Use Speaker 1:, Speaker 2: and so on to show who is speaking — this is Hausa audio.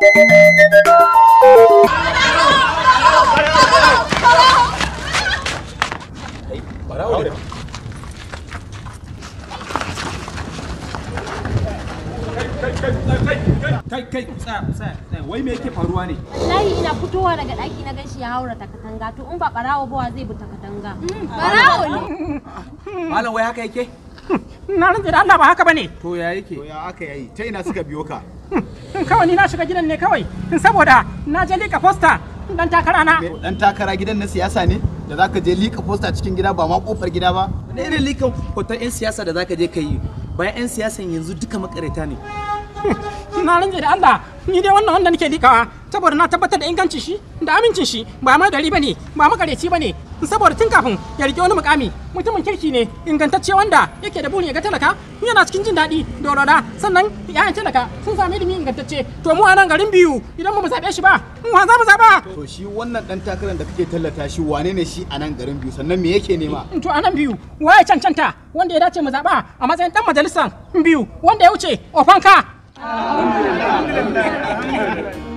Speaker 1: kai kai tsaya tsaya wai me yake faruwa ne wallahi ina
Speaker 2: fitowa daga ɗaki na gashi ya haura takatanga, to in ba barawo ba zai bi takatanga. barawo mm, ah. ne
Speaker 1: malam wai haka yake na rinjira Allah ba haka bane to ya yake to ya aka yayi ta ina suka biyo ka Hmm, kawai ni na shiga gidan ne kawai in saboda na je lika posta dan takara na dan takara gidan na siyasa ne da zaka je lika posta cikin gida ba ma kofar gida ba ne irin lika hoton yan siyasa da zaka je ka yi bayan yan siyasan yanzu duka makareta ne hmm, na rinje da Allah ni dai wannan wanda nake likawa saboda na tabbatar da ingancin shi da amincin shi ba ma dari bane ba makareci bane saboda tun kafin ya rike wani mukami mutumin kirki ne ingantacce wanda yake da burin ya ga talaka yana cikin jin daɗi da roda sannan yayan talaka sun sami ilimi ingantacce to mu a nan garin biyu idan mu zaɓe shi ba mu za mu zaɓa to shi wannan dan takarar da kake tallata shi wane ne shi a nan garin biyu sannan me yake nema to a nan biyu waye cancanta wanda ya dace mu zaɓa a matsayin dan majalisar biyu wanda ya wuce ofanka
Speaker 2: Alhamdulillah.